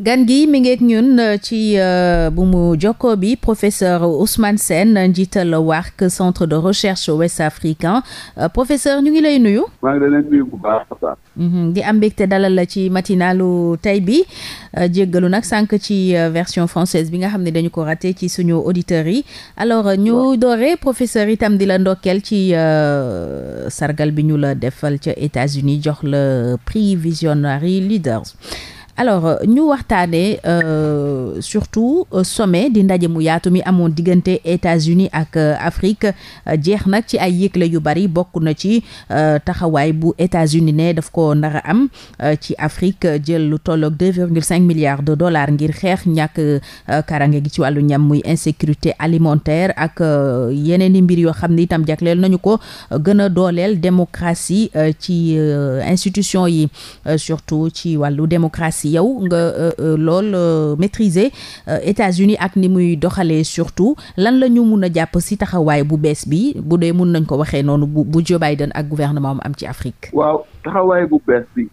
gan gi mi ngeek ñun euh, ci euh, bu mu jokko bi professeur Ousmane Sène njiital WARC centre de recherche ouest africain euh, professeur ñu ngi lay nuyu maa ngi lay nuyu mm-hmm, am mbégte dalal la ci matinalu tey bi jéggalu nag sànq ci version française bi nga xam ne dañu ko raté ci suñu auditeurs yi alors ñu doore professeur itam di la ndokkeel ci sargal bi ñu la defal ca États-Unis jox la prix Visionary Leaders alors euh, ñu waxtaanee euh, surtout euh, sommet di ndaje mu yaatu mi amoon diggante États-Unis ak euh, Afrique jeex nag ci ay yëgle yu bari bokk na ci taxawaay bu États-Unis ne daf ko nar am ci Afrique jël lu tolloog deux virgule cinq milliards de dollars ngir xeex ñàkk karange gi ci wàllu ñam muy insécurité alimentaire ak yeneen i mbir yoo xam ne itam jagleel nañu ko gën a dooleel démocratie ci institution yi surtout ci wàllu démocratie yow nga euh, euh, lool euh, maîtriser États-Unis ak ni muy doxalee surtout lan la ñu mun a jàpp si taxawaay bu bees bi bu dee mun nañ ko waxee noonu bu bu Joe Biden ak gouvernement mu am ci Afrique. waaw taxawaay bu bees bi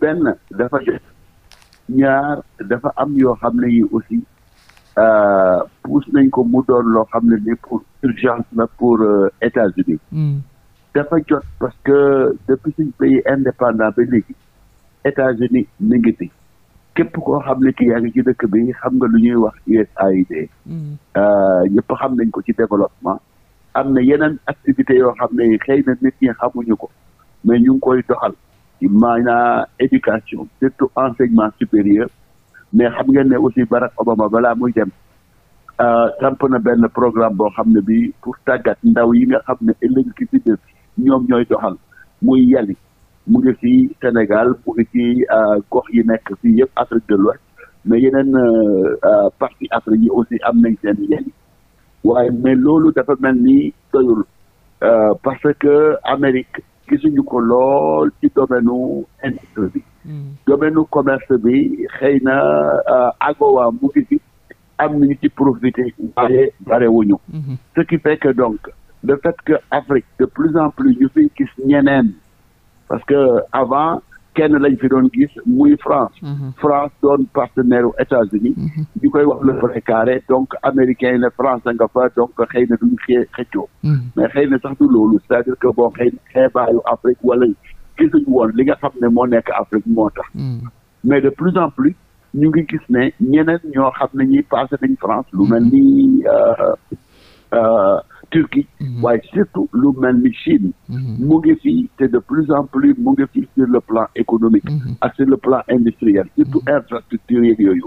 benn dafa ñaar dafa am yoo xam ne yi aussi pousse nañ ko mu doon loo xam ne ni pour urgence la pour États-Unis hmm. dafa jot parce que depuis suñ pays ba léegi États-Unis mi ngi képp koo xam ne ki yaa ngi ci dëkk bi xam nga lu ñuy wax USAID mm. euh, ñëpp xam nañ ko ci développement am na yeneen activités yoo xam ne xëy na nit ñi xamuñu ko mais ñu ngi koy doxal ci maanaa éducation surtout enseignement supérieur mais xam ngeen ne aussi Barack Obama balaa muy dem euh, samp na benn programme boo xam ne bi pour tàggat ndaw yi nga xam ne ëllëg ki fi ñoom ñooy doxal muy yali mu ngi fii Sénégal mu ngi fii euh, gox yi nekk fii yëpp Afrique de l'Ouest mais yeneen euh, euh, partie Afrique yi aussi am nañ seen yéen waaye mais loolu dafa mel ni doyul parce que Amérique gisuñu ko lool ci domaine nu bi. Hmm. domaine commerce bi xëy na AGOA mu ngi fi am nañu ci profité waaye barewuñu. Hmm. ce qui fait que donc le fait que Afrique de plus en plus ñu fiy gis ñeneen. parce que avant kenn lañ fi doon gis muy France. Mhm. France doon partenaire u États-Unis mhm. ñu koy wax le vrai donc américain yi France a nga fa donc xëy na xee xëccoo. Mhm. mais xëy na sax du loolu c'est-à-dire que bon xëy na Afrique wala gisuñu woon li nga xam ne moo nekk Afrique moo tax. mais de plus en plus ñu ngi gis ne ñeneen ñoo xam ne ñi passé nañ France lu mel ni. Euh, Euh, Turquie mhm. waaye surtout lu mel ni Chine mhm. mu ngi fii te de plus en plus mu ngi fii sur le plan économique mhm. ak sur le plan industriel surtout infrastructure yeeg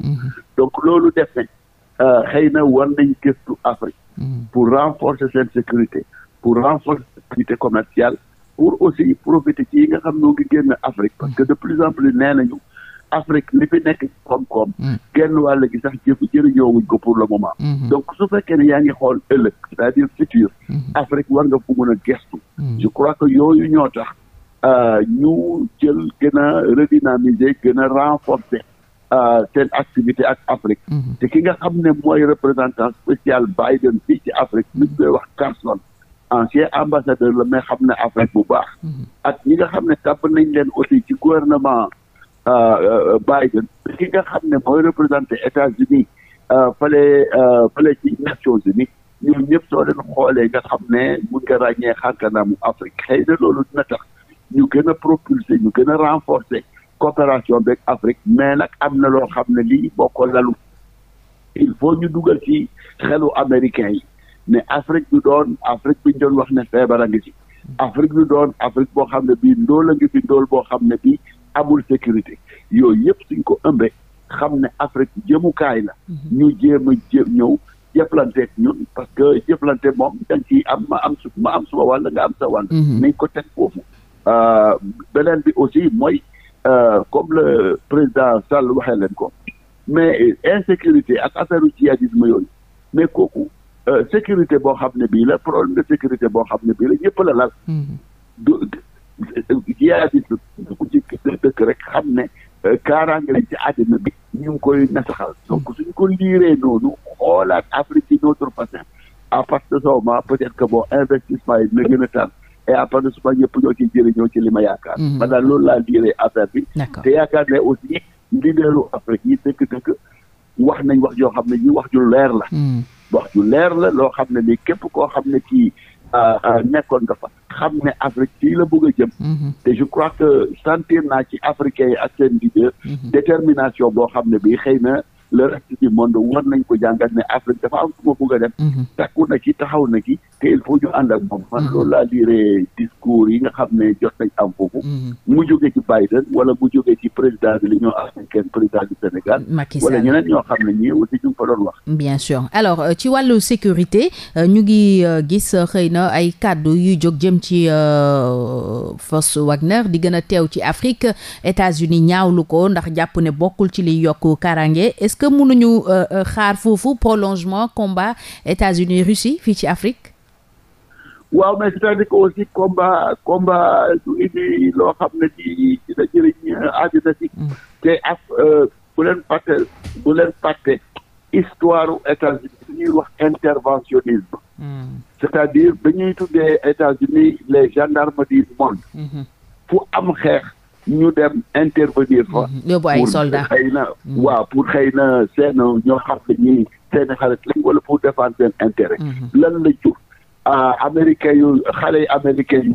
donc loolu def nañ euh, xëy na war nañ gëstu Afrique pour renforcer seen pour renforcer sécurité commerciale pour aussi profiter ci nga xam noo ngi génn Afrique parce que de plus en plus nee nañu Afrique li fi nekk koom-koom. kenn hmm. wàll gi sax jëf jëriñoowuñ ko pour le moment. Hmm. donc su fekkee ne yaa ngi xool ëllëg c'est-à-dire futur. Hmm. Afrique war nga fu mën a gestu. je crois que yooyu ñoo tax euh, ñu jël gën a redynamiser gën a renforcer seen euh, activité ak Afrique. te ki nga xam ne mooy représentant spécial Biden fii ci Afrique ñu koy wax Carson. ancien ambassadeur la mais xam ne Afrique bu baax. ak ñi nga xam ne tàbb nañ leen aussi ci gouvernement. Euh, euh, Biden ki nga xam ne mooy représenté États-Unis euh, fale fale ci Nations Unies ñoom ñëpp soo leen xoolee nga xam ne mun nga ràññee xarkanaamu Afrique xëy na loolu dina tax ñu gën a propulser ñu gën a renforcer coopération beeg Afrique mais nag am na loo xam ne lii boo ko lalu il faut ñu dugal ci xelu américain yi ne Afrique du doon Afrique bi ñu doon wax ne feebar a ngi ci Afrique du doon Afrique boo xam ne bii ndóol a ngi fi ndóol boo xam ne bii amul sécurité yooyu yëpp suñ ko ëmbee xam ne Afrique jëmukaay la. Mhm. ñu jéem a jë ñëw jëflanteeg ñun parce que jëflante moom da nga am ma am su ma am suma wàll nga am sa wàll. Mhm. nañ ko teg foofu. Euh, beneen bi aussi mooy euh, comme le président Sall waxee leen ko mais insécurité ak affaire djihadisme yooyu mais kooku euh, sécurité boo xam ne bii la problème de sécurité boo xam ne bii la ñëpp la lal. Mhm. jihadiste ku ci dëkk rek xam ne euh, kaaraange lañ ci àddina bi ñu koy nasaxal donc hmm. suñ ko liiree noonu xoolaat Afrique ci notre bassin à partir de ce moment peut-être que bon investissement yi dina gën a tànn et à partir de ñëpp ñoo ciy jëriñoo ci li ma yaakaar hmm. man daal loolu laa liiree affaire bi te yaakaar ne aussi leaderu Afrique yi dëkk-dëkk wax nañ wax joo xam ne ñi wax ju leer la hmm. wax ju leer la loo xam ne ni képp koo xam ne kii Euh, euh, nekkoon nga fa xam ne Afrique fii la bëgg a jëm mhm. te je crois que sentir naa ci africains yi ak seen mhm. détermination boo xam ne bii xëy na le reste du monde war nañ ko jàngat ne Afrique dafa am su ma a dem. Mhm. takku na ci taxaw na ci te il faut ñu ànd ak moom. man mhm. loolu laa liiree discours yi nga xam ne jot nañ am foofu. Mhm. mu jógee ci Biden wala mu jógee ci président de l'Union africaine président du Sénégal. Macky ñoo xam ne ñu ngi fa doon wax. bien sûr alors euh, ci wàllu sécurité euh, ñu ngi euh, gis xëy na ay kàddu yuy jóg jëm ci force Wagner di gën a teew ci Afrique États-Unis ñaawlu ko ndax jàpp ne bokkul ci liy yokk kaaraange. est-ce que mënuñu euh, euh, xaar foofu prolongement combat États-Unis Russie fii ci Afrique waaw mais c'est-à-dire que combat combat du indi loo xam ne ci dina jëriñ àddina euh, si mm. te af bu leen fàtte bu leen fàtte histoire u États-Unis ñuy wax interventionnisme mm. c'est-à-dire dañuy tuddee États-Unis les gendarmes du monde mm-hmm. fu am xeex ñu dem intervenir fa. Mhm. yóbbu ay soldats pour xëy na mhm. waaw pour xëy na seen ñoo xam ne ñii seen xarit lañ wala pour défendre seen intérêt. Mhm. lan la jur ah, américain yu xale yi américain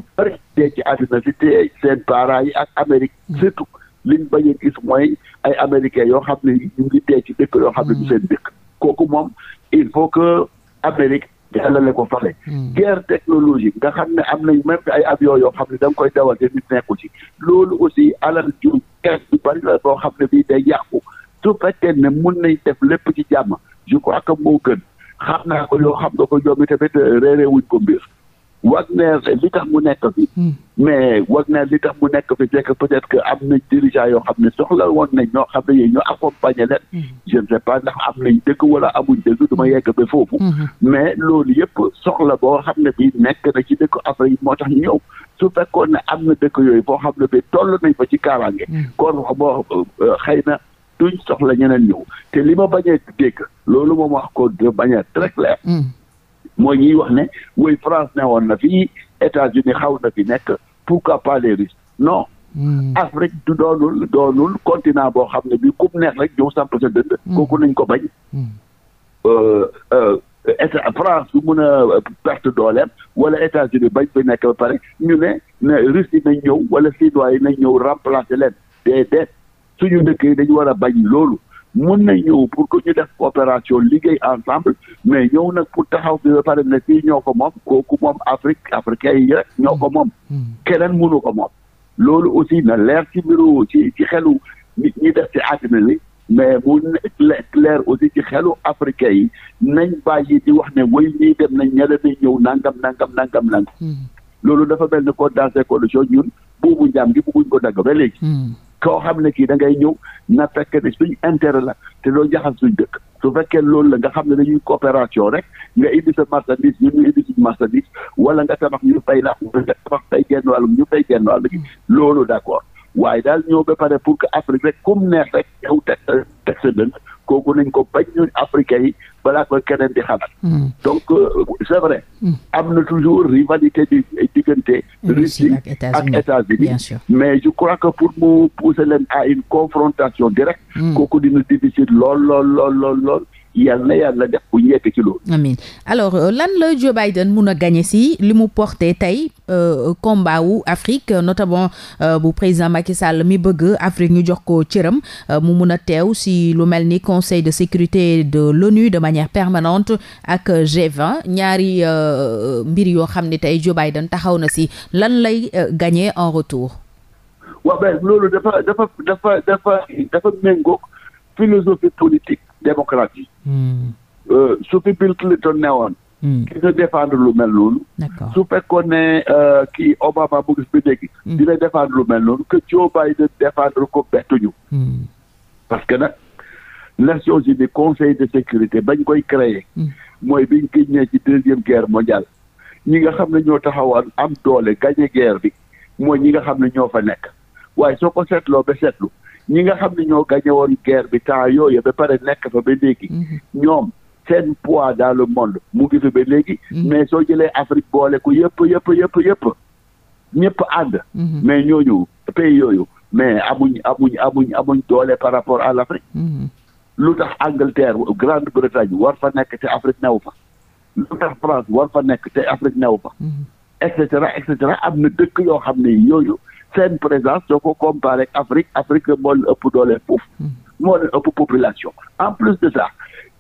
ci àddina si te seen parents yi ak Amérique surtout liñ bañ gis mooy ay américain yoo xam ne ñu ngi dee ci dëkk yoo xam ne du seen dëkk kooku moom il faut que Amérique. jàllale ko fale hmm. guerre technologique nga xam ne am nañ même ay avion yoo xam ne da koy dawal te nit nekku ci loolu aussi alal ju guerre bu bari la xam ne bii day yàqu su fekkee ne mun nañ def lépp ci jàmm je ko que moo gën xam naa ko yoo xam nga ko bi tamit euh, réeré wuñ ko mbir Wagner li tax mu nekk fi. Hmm. mais Wagner li tax mu nekk fi c'est que peut-être que am na dirigeant yoo xam ne soxla woon nañ ñoo xam ne yooyu ñoo accompagner leen. Hmm. je ne sais pas ndax am nañ dëgg wala amuñ dëgg du ma foofu. Hmm. mais loolu yëpp soxla boo xam ne bii nekk na ci dëkk Afrique moo tax ñu ñëw. su fekkoon ne am na dëkk yooyu boo xam ne bi toll nañ fa ci kaaraange. kon boo euh, xëy na duñ soxla ñeneen ñëw te li ma bañ a dégg loolu moom wax ko de manière mooy ñuy wax ne woy France ne woon na fii États-Unis xaw na fi nekk pourquoi pas les Russes non. Mm. Afrique du doonul doonul continent boo xam ne bi kum neex rek ñëw samp sa dënd. Hmm. kooku nañ ko bañ. Hmm. Euh, euh, état France bu mën a euh, perte dooleem wala États-Unis bañ fi nekk ba pare ñu ne ne Russes yi nañ ñëw wala Chinois yi nañ ñëw remplacer leen déedéet suñu dëkk yi dañu war a bañ loolu. mën nañ ñëw pour que ñu def coopération liggéey ensemble mais ñëw nag pour taxaw bi ba pare ne fii ñoo ko moom kooku moom Afrique africain yi rek ñoo ko moom hmm. keneen mënu ko moom loolu aussi na leer ci mbiru ci ci xelu nit ñi def ci àddina li mais mu leer aussi ci xelu africain yi nañ bàyyi di wax ne way ñii dem nañ ñele nañ ñëw nangam nangam nangam nangam hmm. loolu dafa mel ni ko dans ces conditions ñun boobu njaam gi bëgguñ ko dagg ba léegi hmm. koo xam ne kii da ngay ñëw na fekk ne suñ intérêt la te doo jaxal suñ dëkk su fekkee loolu la nga xam ne ñuy coopération rek nga indi sa marchandise ñun ñu indi suñu marchandise wala nga tabax ñu fay la nga tabax fay genn wàll ñu fay genn wàll gi loolu d' accord waaye daal ñëw ba pare pour que Afrique rek comme neex rek yow teg teg sa kooku nañ ko bañ ñun africains yi balaa ko keneen di xalaat. Hmm. donc euh, c'est vrai. Hmm. am na toujours rivalité di diggante. Hmm, Russie ak États-Unis mais je crois que pour mu pousser leen à une confrontation directe. kooku dina difficile lool lool lool lool. yàlla na yàlla def bu ñu ci loolu. amiin alors euh, lan la Joe Biden mun a gagné si li mu porté tey euh, combat wu Afrique notamment euh, bu président Macky Sall mi bëgg Afrique ñu jox ko cëram mu mun a teew si lu mel ni conseil de sécurité de l'ONU de manière permanente ak G20 ñaari mbir yoo xam ne tey Joe taxaw na si lan lay gagné en retour. waaw ben loolu dafa dafa dafa dafa dafa philosophie politique. démocratie. Hmm. Euh, su fi Bill Clinton newoon. Hmm. ki nga défendre lu mel noonu. su fekkoon ne euh, kii Obama mu gis bi dégg. dina défendre lu mel noonu que Joe Biden défendre ko bettuñu. Hmm. parce que nag Nations Unies conseil de sécurité bañ koy créer. mooy biñ génnee ci deuxième guerre mondiale. ñi nga xam ne ñoo taxawaan am doole gagné guerre bi mooy ñi nga xam ne ñoo fa nekk waaye soo ko seetloo ba seetlu. ñi nga xam ne ñoo gagné woon guerre bi temps yooyu ba pare nekk fa ba léegi mhm. ñoom seen poids dans le monde mu ngi fi ba léegi mhm. mais soo jëlee Afrique boole ko yëpp yëpp yëpp yëpp ñëpp ànd mhm. mais ñooñu pays yooyu mais amuñ amuñ amuñ amuñ doole par rapport à l'Afrique lu tax Angleterre Grande-Bretagne war fa nekk te Afrique newu fa lu tax France war fa nekk te Afrique newu fa et cetera et cetera am na dëkk yoo xam ne yooyu seen présence soo ko comparé ak Afrique Afrique moo leen ëpp doole foofu hmm. moo leen ëpp population en plus de ça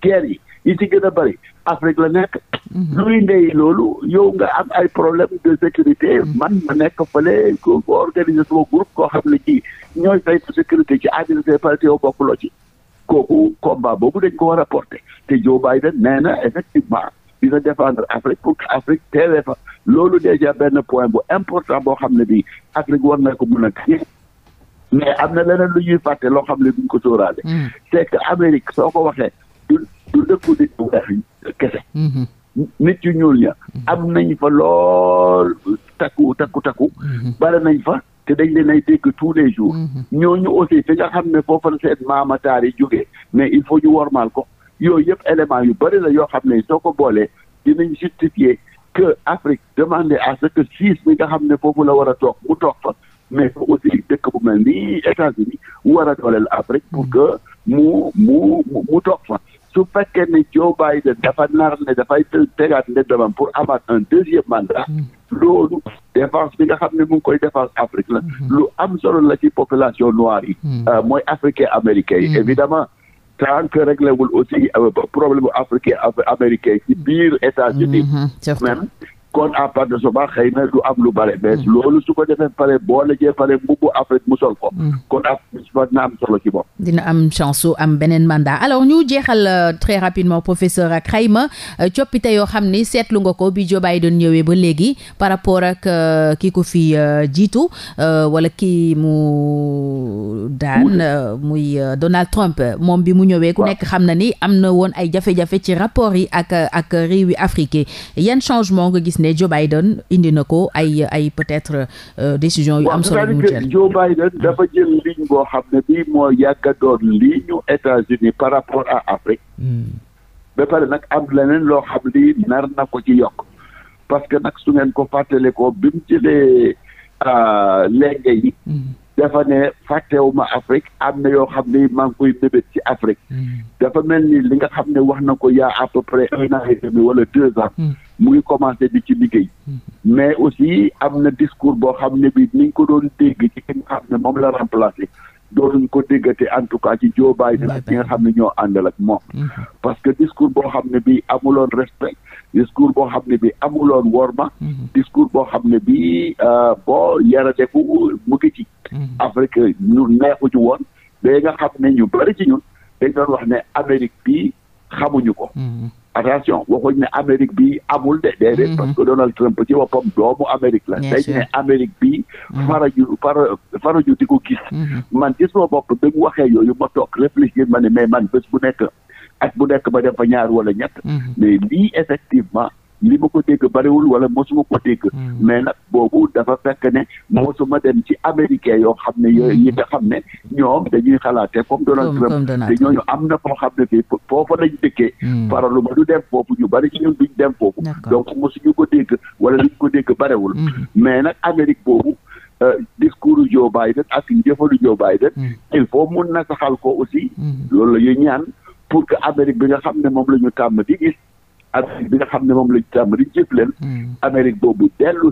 guerre yi yi ci gën a bëri Afrique la nekk hmm. luy ndey loolu yow nga am ay problème de sécurité hmm. man ma nekk fële ko organiser sama groupe koo xam ne ci ñooy saytu sécurité ci àddina des parti yow bokkuloo ci kooku combat boobu dañ ko war a porter te Joe Biden nee na effectivement dina défendre Afrique pour que Afrique teewee fa loolu déjà benn point bu important boo xam ne bii Afrique war na ko mën a mais am na leneen lu ñuy loo xam ne duñ ko sóoraale. Mm. c'est Amérique soo ko waxee du du dëkku nit bu weex kese. Mm-hmm. nit yu ñuul ña mm-hmm. am nañ fa lool takku takku takku. Mm-hmm. bare nañ fa te dañ leen ay dégg tous les jours. ñooñu aussi fi nga xam ne foofa la seen maamataar yi mais il faut ñu wormaal ko. yooyu yëpp élément yu bëri yoo xam ne soo ko boolee dinañ justifier que Afrique demande à ce que Suisse mi nga xam ne foofu la war a toog mu toog fa mais fa aussi dëkk bu mel ni États-Unis war a dooleel Afrique pour que mu mu mu toog fa su fekkee ne Joe Biden dafa nar ne dafay tegaat ne demam pour amaat un deuxième mandat mm. loolu défense bi nga xam ne mu ngi koy défense Afrique la mm-hmm. lu am solo la ci population noire yi mm. euh, mooy africain américain yi mm. évidemment tant que réglé wul aussi euh, problème africain américain ci biir États-Unis mm-hmm, même kon à part de souvent xëy na am lu bare mais mm. loolu su ko defee pare boo lajee pare mbubu Afrique mu sol ko mm. kon Afrique dina am solo chance su am beneen mandat alors ñu jeexal euh, très rapidement professeur ak xayma euh, coppite yoo xam ni seetlu nga ko bi Joe Biden ñëwee ba léegi par rapport ak euh, ki ko fi jiitu wala ki mu daan muy Donald Trump moom bi mu ñëwee ku nekk xam na ni am na woon ay jafe-jafe ci rapport yi ak ak réew Afrique yan changement nga gis ne Joe Biden indi na ko ay ay peut-être euh, décision yu am solo yu mu jël Joe Biden dafa jël ligne boo xam ne bii moo yàgga doon ligne États-Unis par rapport a Afrique hmm. ba pare nag am leneen loo xam lii nar na ko ci yokk parce que nag su ngeen ko fàttale ko bi mu jëlee euh, léegi yi hmm. dafa ne fàttewuma Afrique am na yoo xam ne maa ngi koy bébét ci Afrique. Hmm. dafa mel ni li nga xam ne wax na ko yaa a à peu près un an et demi wala deux ans. Hmm. mu ngi commencé di ci liggéey. Hmm. mais aussi am na discours boo xam ne bi ni ñu ko doon dégg ci nga xam ne moom la remplacé. dootuñ ko déggate en tout cas ci Joe Biden ak nga xam ne ñoo àndal ak moom. parce que discours boo xam ne bi amuloon respect. discours boo xam ne bi amuloon worma mhm. discours boo xam ne bi euh, boo yara defu mu ngi ci mhm. Afrique ñu neexuñu woon ba nga xam ne ñu bëri ci ñun dañ doon wax ne Amérique bi xamuñu ko mhm. attention waxuñ ne bi amul de déedéet parce que Donald Trump ci boppam doomu Amérique la dañ ne Amérique bi faraju fara faraju di o gis man gis ma bopp bi mu waxee yooyu ma toog ma ne mais man bés bu nekk ak bu nekk ba dem fa ñaar wala ñett. Mhm. mais lii effectivement li ma ko dégg bariwul wala mosuma ko dégg. Mhm. mais nag boobu dafa fekk ne mosuma dem ci américain yoo xam ne yooyu yi nga xam ne ñoom dañuy xalaatee comme Donald Trump te ñooñu am na foo xam ne fii foofa lañ dëkkee. Mhm. faralu ma du dem foofu ñu bari ci ñun duñ dem foofu. donc mosuñu ko dégg wala luñ ko dégg bariwul. mais nag Amérique boobu. Euh, discours Joe Biden ak njëfalu Joe Biden il faut mun na saxal ko aussi. loolu la ñaan. pour que Amérique bi nga xam ne moom la ñu tàmm di gis Amérique bi nga xam ne moom la ñu tàmm di jëf leen hmm. Amérique boobu dellu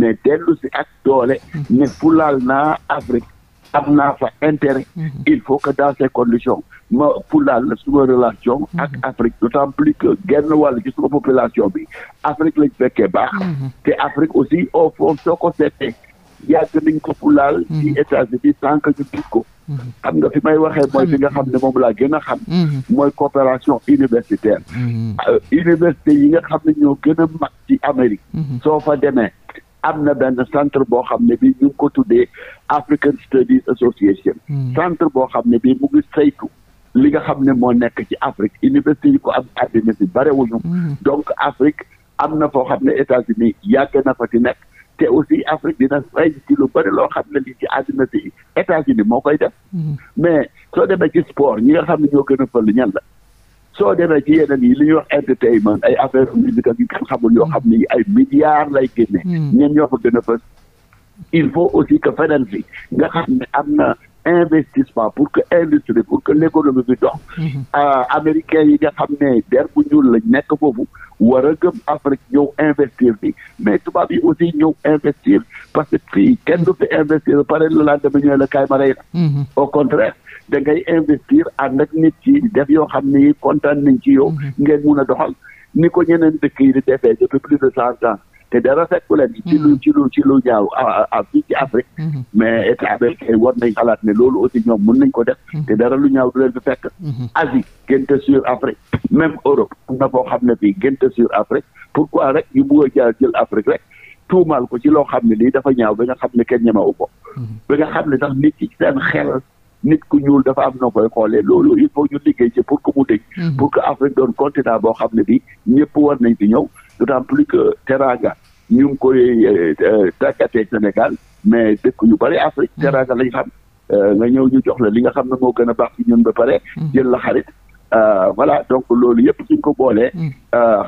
mais dellu si ak doole hmm. ne fulaal na Afrique am naa fa intérêt hmm. il faut que dans ces conditions ma fulaal suma relation ak Afrique d'autant plus que genn wàll suma population bi Afrique lañ fekkee baax te Afrique aussi au fond soo ko seetee yàgg nañ ko fulaal ci États-Unis sans ñu gis xam nga fi may waxee mooy fi nga xam ne moom laa gën a xam. Mm-hmm. mooy coopération universitaire. Mm-hmm. Euh, université yi nga xam ne ñoo gën a mag ci Amérique. Mm-hmm. soo fa demee am na benn centre boo xam ne bii ñu ngi ko tuddee African Studies Association. centre boo xam ne bii mu ngi saytu. li nga xam ne moo nekk ci Afrique université yi ko am àddina si barewuñu. donc Afrique am na foo xam ne États-Unis yàgg na fa di nekk. te aussi Afrique dina fay ci lu bëri loo xam ne li ci àddina si États-Unis moo koy def mm-hmm. mais soo demee ci sport ñi nga xam ne ñoo gën a fël ñan la soo demee ci yeneen yi li ñuy wax entertainment ay affaire musique a yu kenn xamul yoo xam ne ay milliards lay génne mm-hmm. ñen ñoo fa a il faut aussi que feneen fi nga xam ne am na investissement pour que industrie pour que l'économie bi dox mhm. euh, américain yi nga xam ne der bu ñuul lañ nekk foofu war a gëm Afrique ñëw investir bi mais tubaab yi aussi ñëw investir parce que fii kenn du fi investir pare le lendemain ñooy la kaay ma rey la mhm. au contraire da ngay investir ànd ak nit ci def yoo xam ne yi kontaan nañ ci yow mhm. ngeen mun a doxal ni ko ñeneen dëkk yi di defee depuis plus de cent te dara fekku leen hmm. ci lu ci lu ci lu ñaaw a fii ci Afrique mais état bi kay war nañ xalaat ne loolu aussi ñoom mën nañ ko def hmm. te dara lu ñaaw du leen fi fekk hmm. Asie gënte sur Afrique même Europe am na foo xam ne fii gënte sur Afrique pourquoi rek ñu bëgg a jaar jël Afrique rek tuumaal ko ci loo xam ne lii dafa ñaaw ba nga xam ne ken ñemewu ko ba nga xam ne sax nit ci seen xel nit ku ñuul dafa am na koy xoolee loolu il faut ñu liggéey ci pour que mu dëñ pour que Afrique doon continent boo xam ne bi ñëpp war nañ fi ñëw d'autant plus que Teranga ñu ngi koy euh, euh, tàggatee Sénégal mais dëkk yu bari Afrique mm. Teranga lañ xam euh, nga ñëw ñu jox la li nga xam ne moo gën a baax ci ñun pare. Mm. jël la xarit. Uh, voilà donc loolu yëpp suñ ko boolee. Mm.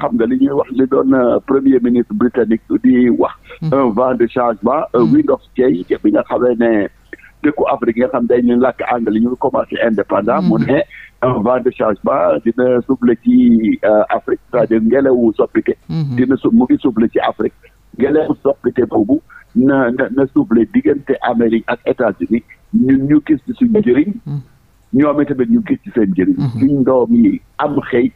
xam nga li ñuy wax li doon premier ministre britannique di wax. un vent de changement. un wind of change bi nga xamee ne. dëkku Afrique yi nga xam day ñu làkk anglais ñu commencé indépendant mu mm-hmm. ne un vent de changement dina souffler ci euh, Afrique c'est-à-dire ngelawu soppite mm-hmm. dina su mu ngi souffler ci Afrique ngelawu soppite boobu na na na souffler diggante Amérique ak États-Unis ñu gis ci suñu njëriñ mm-hmm. ñoom itamit ñu gis ci seen njëriñ suñ ndoom yi am xëy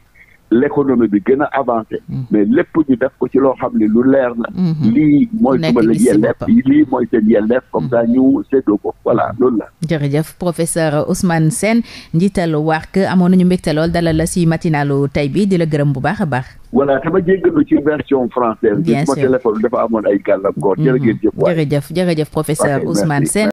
l'économie bi gën a avancé mm. mais lépp ñu def ko ci loo xam ne lu leer la mm-hmm. lii mooy suma la yelleef lii mooy seen yelleef comme mm. ça ñu séddoo ko voilà loolu la jërëjëf professeur Ousmane Sène njiitalu WARC amoon nañu mbégte lool dalal la si matinalu tey bi di la gërëm bu baax a baax voilà dama jéggalu ci version française bi ma téléphone dafa amoon ay gàllankoor mm-hmm. jërëjëf jërëjëf jërëjëf professeur Ousmane Sène